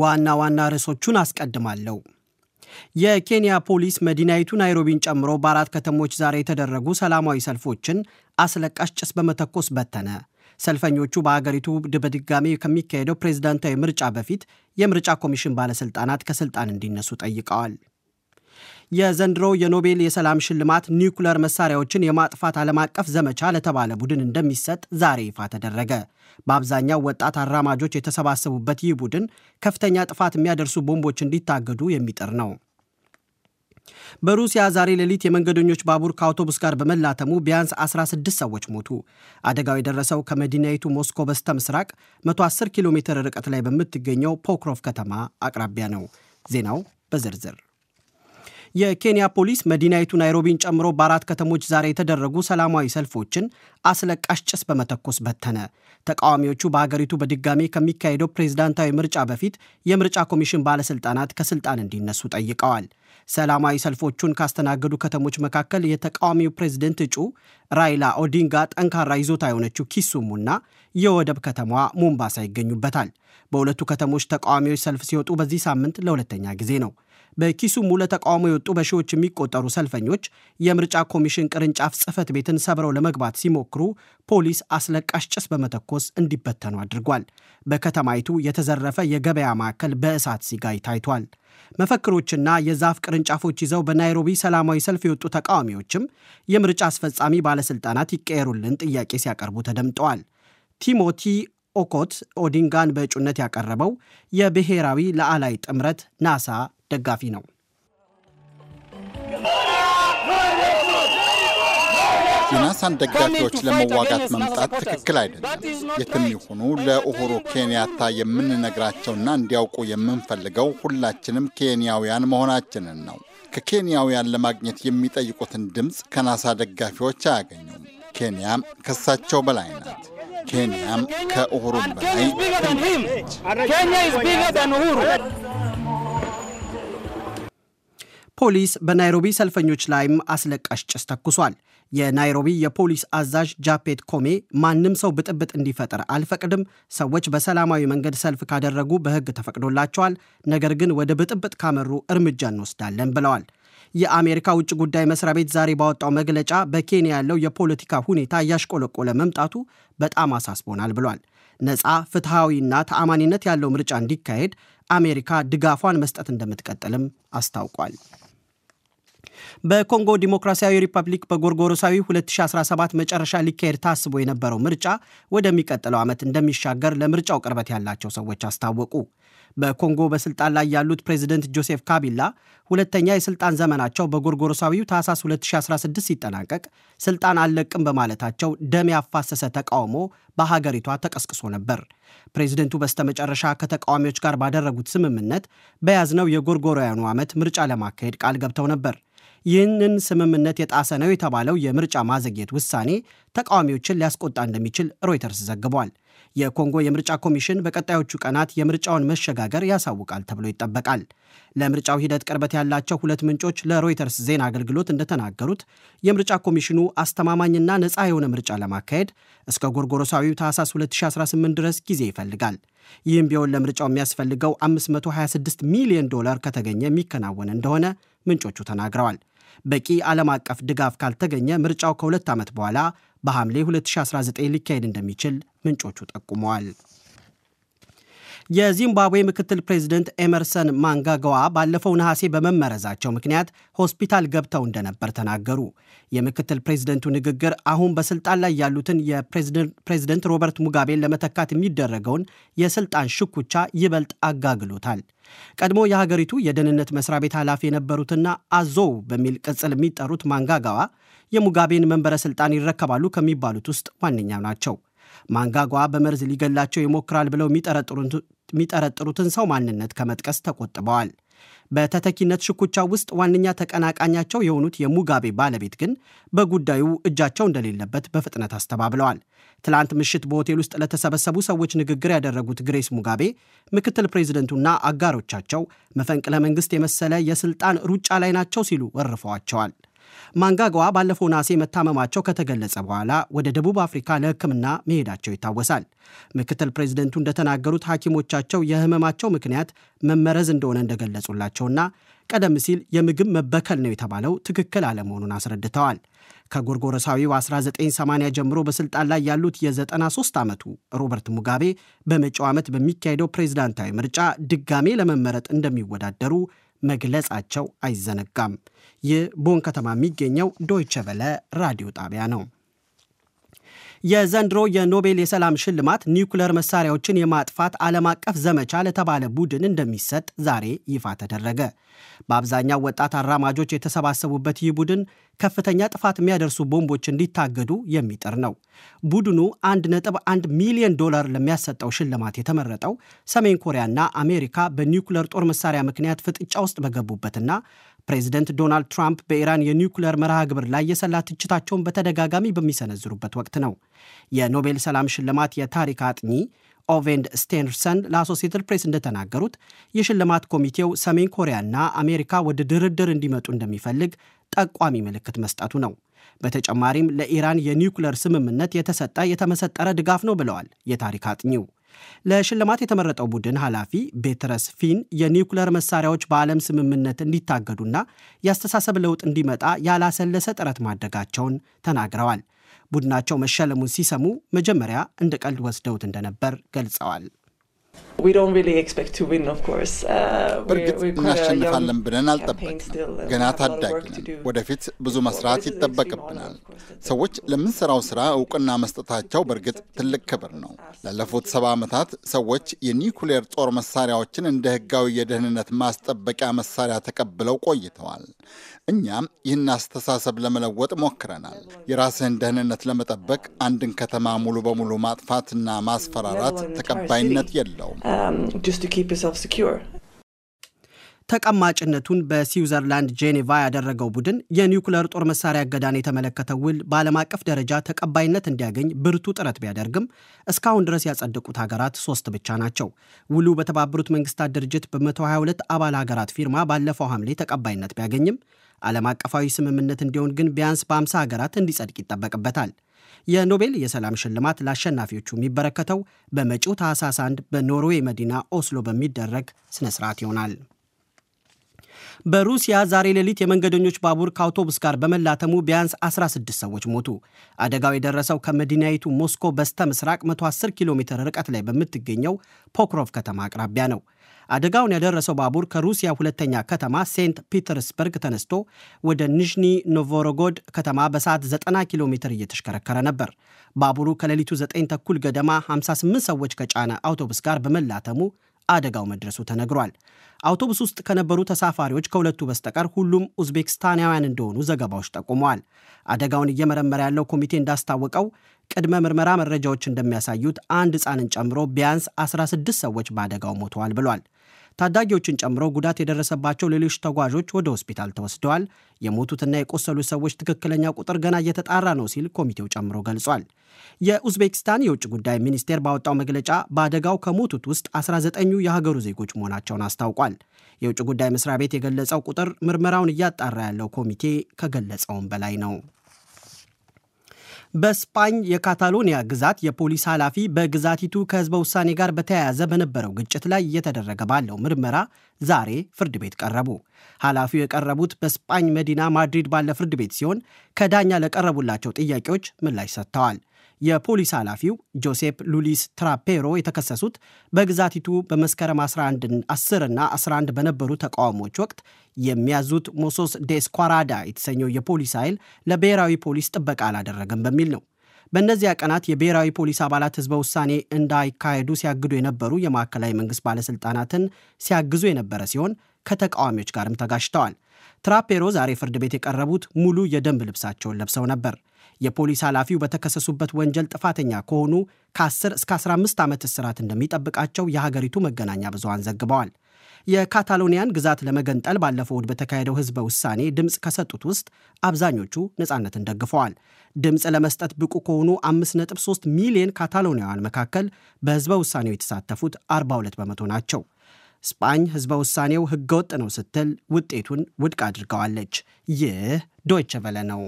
ዋና ዋና ርዕሶቹን አስቀድማለሁ። የኬንያ ፖሊስ መዲናይቱ ናይሮቢን ጨምሮ በአራት ከተሞች ዛሬ የተደረጉ ሰላማዊ ሰልፎችን አስለቃሽ ጭስ በመተኮስ በተነ። ሰልፈኞቹ በአገሪቱ በድጋሚ ከሚካሄደው ፕሬዝዳንታዊ ምርጫ በፊት የምርጫ ኮሚሽን ባለሥልጣናት ከሥልጣን እንዲነሱ ጠይቀዋል። የዘንድሮ የኖቤል የሰላም ሽልማት ኒውክለር መሳሪያዎችን የማጥፋት ዓለም አቀፍ ዘመቻ ለተባለ ቡድን እንደሚሰጥ ዛሬ ይፋ ተደረገ። በአብዛኛው ወጣት አራማጆች የተሰባሰቡበት ይህ ቡድን ከፍተኛ ጥፋት የሚያደርሱ ቦምቦች እንዲታገዱ የሚጥር ነው። በሩሲያ ዛሬ ሌሊት የመንገደኞች ባቡር ከአውቶቡስ ጋር በመላተሙ ቢያንስ 16 ሰዎች ሞቱ። አደጋው የደረሰው ከመዲናይቱ ሞስኮ በስተ ምስራቅ 110 ኪሎ ሜትር ርቀት ላይ በምትገኘው ፖክሮቭ ከተማ አቅራቢያ ነው። ዜናው በዝርዝር የኬንያ ፖሊስ መዲናይቱ ናይሮቢን ጨምሮ በአራት ከተሞች ዛሬ የተደረጉ ሰላማዊ ሰልፎችን አስለቃሽ ጭስ በመተኮስ በተነ። ተቃዋሚዎቹ በሀገሪቱ በድጋሜ ከሚካሄደው ፕሬዝዳንታዊ ምርጫ በፊት የምርጫ ኮሚሽን ባለስልጣናት ከስልጣን እንዲነሱ ጠይቀዋል። ሰላማዊ ሰልፎቹን ካስተናገዱ ከተሞች መካከል የተቃዋሚው ፕሬዝደንት እጩ ራይላ ኦዲንጋ ጠንካራ ይዞታ የሆነችው ኪሱሙና የወደብ ከተማዋ ሞምባሳ ይገኙበታል። በሁለቱ ከተሞች ተቃዋሚዎች ሰልፍ ሲወጡ በዚህ ሳምንት ለሁለተኛ ጊዜ ነው። በኪሱሙ ለተቃውሞ የወጡ በሺዎች የሚቆጠሩ ሰልፈኞች የምርጫ ኮሚሽን ቅርንጫፍ ጽህፈት ቤትን ሰብረው ለመግባት ሲሞክሩ ፖሊስ አስለቃሽ ጭስ በመተኮስ እንዲበተኑ አድርጓል። በከተማይቱ የተዘረፈ የገበያ ማዕከል በእሳት ሲጋይ ታይቷል። መፈክሮችና የዛፍ ቅርንጫፎች ይዘው በናይሮቢ ሰላማዊ ሰልፍ የወጡ ተቃዋሚዎችም የምርጫ አስፈጻሚ ባለስልጣናት ይቀየሩልን ጥያቄ ሲያቀርቡ ተደምጠዋል። ቲሞቲ ኦኮት ኦዲንጋን በእጩነት ያቀረበው የብሔራዊ ለዓላይ ጥምረት ናሳ ደጋፊ ነው። የናሳን ደጋፊዎች ለመዋጋት መምጣት ትክክል አይደለም። የትም ይሁኑ ለኡሁሩ ኬንያታ የምንነግራቸውና እንዲያውቁ የምንፈልገው ሁላችንም ኬንያውያን መሆናችንን ነው። ከኬንያውያን ለማግኘት የሚጠይቁትን ድምፅ ከናሳ ደጋፊዎች አያገኙም። ኬንያ ከሳቸው በላይ ናት። ኬንያም ከኡሁሩም በላይ ፖሊስ በናይሮቢ ሰልፈኞች ላይም አስለቃሽ ጭስ ተኩሷል። የናይሮቢ የፖሊስ አዛዥ ጃፔት ኮሜ ማንም ሰው ብጥብጥ እንዲፈጥር አልፈቅድም፣ ሰዎች በሰላማዊ መንገድ ሰልፍ ካደረጉ በሕግ ተፈቅዶላቸዋል፣ ነገር ግን ወደ ብጥብጥ ካመሩ እርምጃ እንወስዳለን ብለዋል። የአሜሪካ ውጭ ጉዳይ መስሪያ ቤት ዛሬ ባወጣው መግለጫ በኬንያ ያለው የፖለቲካ ሁኔታ እያሽቆለቆለ መምጣቱ በጣም አሳስቦናል ብሏል። ነፃ ፍትሐዊና ተአማኒነት ያለው ምርጫ እንዲካሄድ አሜሪካ ድጋፏን መስጠት እንደምትቀጥልም አስታውቋል። በኮንጎ ዲሞክራሲያዊ ሪፐብሊክ በጎርጎሮሳዊ 2017 መጨረሻ ሊካሄድ ታስቦ የነበረው ምርጫ ወደሚቀጥለው ዓመት እንደሚሻገር ለምርጫው ቅርበት ያላቸው ሰዎች አስታወቁ። በኮንጎ በስልጣን ላይ ያሉት ፕሬዚደንት ጆሴፍ ካቢላ ሁለተኛ የስልጣን ዘመናቸው በጎርጎሮሳዊው ታህሳስ 2016 ሲጠናቀቅ ስልጣን አልለቅም በማለታቸው ደም ያፋሰሰ ተቃውሞ በሀገሪቷ ተቀስቅሶ ነበር። ፕሬዚደንቱ በስተመጨረሻ ከተቃዋሚዎች ጋር ባደረጉት ስምምነት በያዝነው የጎርጎሮያኑ ዓመት ምርጫ ለማካሄድ ቃል ገብተው ነበር። ይህንን ስምምነት የጣሰ ነው የተባለው የምርጫ ማዘግየት ውሳኔ ተቃዋሚዎችን ሊያስቆጣ እንደሚችል ሮይተርስ ዘግቧል። የኮንጎ የምርጫ ኮሚሽን በቀጣዮቹ ቀናት የምርጫውን መሸጋገር ያሳውቃል ተብሎ ይጠበቃል። ለምርጫው ሂደት ቅርበት ያላቸው ሁለት ምንጮች ለሮይተርስ ዜና አገልግሎት እንደተናገሩት የምርጫ ኮሚሽኑ አስተማማኝና ነፃ የሆነ ምርጫ ለማካሄድ እስከ ጎርጎሮሳዊው ታህሳስ 2018 ድረስ ጊዜ ይፈልጋል። ይህም ቢሆን ለምርጫው የሚያስፈልገው 526 ሚሊዮን ዶላር ከተገኘ የሚከናወን እንደሆነ ምንጮቹ ተናግረዋል። በቂ ዓለም አቀፍ ድጋፍ ካልተገኘ ምርጫው ከሁለት ዓመት በኋላ በሐምሌ 2019 ሊካሄድ እንደሚችል ምንጮቹ ጠቁመዋል። የዚምባብዌ ምክትል ፕሬዚደንት ኤመርሰን ማንጋጋዋ ባለፈው ነሐሴ በመመረዛቸው ምክንያት ሆስፒታል ገብተው እንደነበር ተናገሩ። የምክትል ፕሬዚደንቱ ንግግር አሁን በስልጣን ላይ ያሉትን የፕሬዚደንት ሮበርት ሙጋቤን ለመተካት የሚደረገውን የስልጣን ሽኩቻ ይበልጥ አጋግሎታል። ቀድሞ የሀገሪቱ የደህንነት መስሪያ ቤት ኃላፊ የነበሩትና አዞው በሚል ቅጽል የሚጠሩት ማንጋጋዋ የሙጋቤን መንበረ ስልጣን ይረከባሉ ከሚባሉት ውስጥ ዋነኛው ናቸው። ማንጋጓ በመርዝ ሊገላቸው ይሞክራል ብለው የሚጠረጥሩትን ሰው ማንነት ከመጥቀስ ተቆጥበዋል። በተተኪነት ሽኩቻ ውስጥ ዋነኛ ተቀናቃኛቸው የሆኑት የሙጋቤ ባለቤት ግን በጉዳዩ እጃቸው እንደሌለበት በፍጥነት አስተባብለዋል። ትላንት ምሽት በሆቴል ውስጥ ለተሰበሰቡ ሰዎች ንግግር ያደረጉት ግሬስ ሙጋቤ ምክትል ፕሬዚደንቱና አጋሮቻቸው መፈንቅለ መንግስት የመሰለ የስልጣን ሩጫ ላይ ናቸው ሲሉ ወርፈዋቸዋል። ማንጋጓ ባለፈው ናሴ መታመማቸው ከተገለጸ በኋላ ወደ ደቡብ አፍሪካ ለሕክምና መሄዳቸው ይታወሳል። ምክትል ፕሬዚደንቱ እንደተናገሩት ሐኪሞቻቸው የህመማቸው ምክንያት መመረዝ እንደሆነ እንደገለጹላቸውና ቀደም ሲል የምግብ መበከል ነው የተባለው ትክክል አለመሆኑን አስረድተዋል። ከጎርጎረሳዊው 1980 ጀምሮ በስልጣን ላይ ያሉት የ93 ዓመቱ ሮበርት ሙጋቤ በመጪው ዓመት በሚካሄደው ፕሬዝዳንታዊ ምርጫ ድጋሜ ለመመረጥ እንደሚወዳደሩ መግለጻቸው አይዘነጋም። ይህ ቦን ከተማ የሚገኘው ዶይቸ ቬለ ራዲዮ ጣቢያ ነው። የዘንድሮ የኖቤል የሰላም ሽልማት ኒውክለር መሳሪያዎችን የማጥፋት ዓለም አቀፍ ዘመቻ ለተባለ ቡድን እንደሚሰጥ ዛሬ ይፋ ተደረገ። በአብዛኛው ወጣት አራማጆች የተሰባሰቡበት ይህ ቡድን ከፍተኛ ጥፋት የሚያደርሱ ቦምቦች እንዲታገዱ የሚጥር ነው። ቡድኑ 1.1 ሚሊዮን ዶላር ለሚያሰጠው ሽልማት የተመረጠው ሰሜን ኮሪያና አሜሪካ በኒውክለር ጦር መሳሪያ ምክንያት ፍጥጫ ውስጥ በገቡበትና ፕሬዚደንት ዶናልድ ትራምፕ በኢራን የኒውክሌር መርሃ ግብር ላይ የሰላ ትችታቸውን በተደጋጋሚ በሚሰነዝሩበት ወቅት ነው። የኖቤል ሰላም ሽልማት የታሪክ አጥኚ ኦቬንድ ስቴንርሰን ለአሶሴትድ ፕሬስ እንደተናገሩት የሽልማት ኮሚቴው ሰሜን ኮሪያና አሜሪካ ወደ ድርድር እንዲመጡ እንደሚፈልግ ጠቋሚ ምልክት መስጠቱ ነው። በተጨማሪም ለኢራን የኒውክሌር ስምምነት የተሰጠ የተመሰጠረ ድጋፍ ነው ብለዋል የታሪክ አጥኚው። ለሽልማት የተመረጠው ቡድን ኃላፊ ቤትረስ ፊን የኒውክለር መሳሪያዎች በዓለም ስምምነት እንዲታገዱና የአስተሳሰብ ለውጥ እንዲመጣ ያላሰለሰ ጥረት ማድረጋቸውን ተናግረዋል። ቡድናቸው መሸለሙን ሲሰሙ መጀመሪያ እንደ ቀልድ ወስደውት እንደነበር ገልጸዋል። በእርግጥ እናሸንፋለን ብለን አልጠበቅንም። uh, ገና ታዳጊ ነን። ወደፊት ብዙ መስራት ይጠበቅብናል። ሰዎች ለምንሰራው ስራ እውቅና መስጠታቸው በእርግጥ ትልቅ ክብር ነው። ላለፉት ሰባ ዓመታት ሰዎች የኒኩሌር ጦር መሳሪያዎችን እንደ ህጋዊ የደህንነት ማስጠበቂያ መሳሪያ ተቀብለው ቆይተዋል። እኛም ይህን አስተሳሰብ ለመለወጥ ሞክረናል። የራስህን ደህንነት ለመጠበቅ አንድን ከተማ ሙሉ በሙሉ ማጥፋትና ማስፈራራት ተቀባይነት የለውም። Um, ተቀማጭነቱን በስዊዘርላንድ ጄኔቫ ያደረገው ቡድን የኒውክለር ጦር መሳሪያ እገዳን የተመለከተ ውል በዓለም አቀፍ ደረጃ ተቀባይነት እንዲያገኝ ብርቱ ጥረት ቢያደርግም እስካሁን ድረስ ያጸደቁት ሀገራት ሶስት ብቻ ናቸው። ውሉ በተባበሩት መንግስታት ድርጅት በ122 አባል ሀገራት ፊርማ ባለፈው ሐምሌ ተቀባይነት ቢያገኝም ዓለም አቀፋዊ ስምምነት እንዲሆን ግን ቢያንስ በ50 ሀገራት እንዲጸድቅ ይጠበቅበታል። የኖቤል የሰላም ሽልማት ለአሸናፊዎቹ የሚበረከተው በመጪው ታህሳስ 1 በኖርዌይ መዲና ኦስሎ በሚደረግ ስነ ስርዓት ይሆናል። በሩሲያ ዛሬ ሌሊት የመንገደኞች ባቡር ከአውቶቡስ ጋር በመላተሙ ቢያንስ 16 ሰዎች ሞቱ። አደጋው የደረሰው ከመዲናይቱ ሞስኮ በስተ ምስራቅ 110 ኪሎ ሜትር ርቀት ላይ በምትገኘው ፖክሮቭ ከተማ አቅራቢያ ነው። አደጋውን ያደረሰው ባቡር ከሩሲያ ሁለተኛ ከተማ ሴንት ፒተርስበርግ ተነስቶ ወደ ኒዥኒ ኖቮሮጎድ ከተማ በሰዓት 90 ኪሎ ሜትር እየተሽከረከረ ነበር። ባቡሩ ከሌሊቱ 9 ተኩል ገደማ 58 ሰዎች ከጫነ አውቶቡስ ጋር በመላተሙ አደጋው መድረሱ ተነግሯል። አውቶቡስ ውስጥ ከነበሩ ተሳፋሪዎች ከሁለቱ በስተቀር ሁሉም ኡዝቤክስታናውያን እንደሆኑ ዘገባዎች ጠቁመዋል። አደጋውን እየመረመረ ያለው ኮሚቴ እንዳስታወቀው ቅድመ ምርመራ መረጃዎች እንደሚያሳዩት አንድ ሕፃንን ጨምሮ ቢያንስ 16 ሰዎች በአደጋው ሞተዋል ብሏል። ታዳጊዎችን ጨምሮ ጉዳት የደረሰባቸው ሌሎች ተጓዦች ወደ ሆስፒታል ተወስደዋል። የሞቱትና የቆሰሉ ሰዎች ትክክለኛ ቁጥር ገና እየተጣራ ነው ሲል ኮሚቴው ጨምሮ ገልጿል። የኡዝቤክስታን የውጭ ጉዳይ ሚኒስቴር ባወጣው መግለጫ በአደጋው ከሞቱት ውስጥ 19ኙ የሀገሩ ዜጎች መሆናቸውን አስታውቋል። የውጭ ጉዳይ መስሪያ ቤት የገለጸው ቁጥር ምርመራውን እያጣራ ያለው ኮሚቴ ከገለጸውም በላይ ነው። በስፓኝ የካታሎኒያ ግዛት የፖሊስ ኃላፊ በግዛቲቱ ከህዝበ ውሳኔ ጋር በተያያዘ በነበረው ግጭት ላይ እየተደረገ ባለው ምርመራ ዛሬ ፍርድ ቤት ቀረቡ። ኃላፊው የቀረቡት በስፓኝ መዲና ማድሪድ ባለ ፍርድ ቤት ሲሆን ከዳኛ ለቀረቡላቸው ጥያቄዎች ምላሽ ሰጥተዋል። የፖሊስ ኃላፊው ጆሴፕ ሉሊስ ትራፔሮ የተከሰሱት በግዛቲቱ በመስከረም 11 10ና 11 በነበሩ ተቃውሞዎች ወቅት የሚያዙት ሞሶስ ዴስኳራዳ የተሰኘው የፖሊስ ኃይል ለብሔራዊ ፖሊስ ጥበቃ አላደረገም በሚል ነው። በእነዚያ ቀናት የብሔራዊ ፖሊስ አባላት ህዝበ ውሳኔ እንዳይካሄዱ ሲያግዱ የነበሩ የማዕከላዊ መንግሥት ባለሥልጣናትን ሲያግዙ የነበረ ሲሆን ከተቃዋሚዎች ጋርም ተጋጭተዋል። ትራፔሮ ዛሬ ፍርድ ቤት የቀረቡት ሙሉ የደንብ ልብሳቸውን ለብሰው ነበር። የፖሊስ ኃላፊው በተከሰሱበት ወንጀል ጥፋተኛ ከሆኑ ከ10 እስከ 15 ዓመት እስራት እንደሚጠብቃቸው የሀገሪቱ መገናኛ ብዙሃን ዘግበዋል። የካታሎኒያን ግዛት ለመገንጠል ባለፈው እሁድ በተካሄደው ህዝበ ውሳኔ ድምፅ ከሰጡት ውስጥ አብዛኞቹ ነፃነትን ደግፈዋል። ድምፅ ለመስጠት ብቁ ከሆኑ 5.3 ሚሊዮን ካታሎኒያውያን መካከል በህዝበ ውሳኔው የተሳተፉት 42 በመቶ ናቸው። ስፓኝ ህዝበ ውሳኔው ህገወጥ ነው ስትል ውጤቱን ውድቅ አድርገዋለች። ይህ ዶይቸ ቨለ ነው።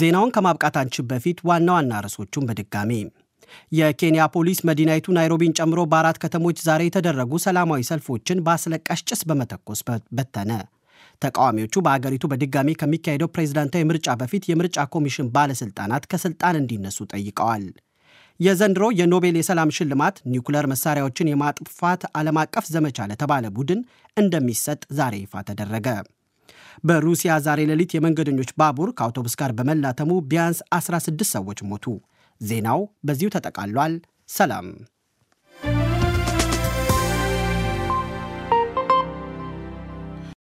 ዜናውን ከማብቃታችን በፊት ዋና ዋና ርዕሶቹን በድጋሜ የኬንያ ፖሊስ መዲናይቱ ናይሮቢን ጨምሮ በአራት ከተሞች ዛሬ የተደረጉ ሰላማዊ ሰልፎችን በአስለቃሽ ጭስ በመተኮስ በተነ። ተቃዋሚዎቹ በአገሪቱ በድጋሚ ከሚካሄደው ፕሬዝዳንታዊ ምርጫ በፊት የምርጫ ኮሚሽን ባለሥልጣናት ከስልጣን እንዲነሱ ጠይቀዋል። የዘንድሮ የኖቤል የሰላም ሽልማት ኒውክለር መሳሪያዎችን የማጥፋት ዓለም አቀፍ ዘመቻ ለተባለ ቡድን እንደሚሰጥ ዛሬ ይፋ ተደረገ። በሩሲያ ዛሬ ሌሊት የመንገደኞች ባቡር ከአውቶቡስ ጋር በመላተሙ ቢያንስ 16 ሰዎች ሞቱ። ዜናው በዚሁ ተጠቃሏል። ሰላም።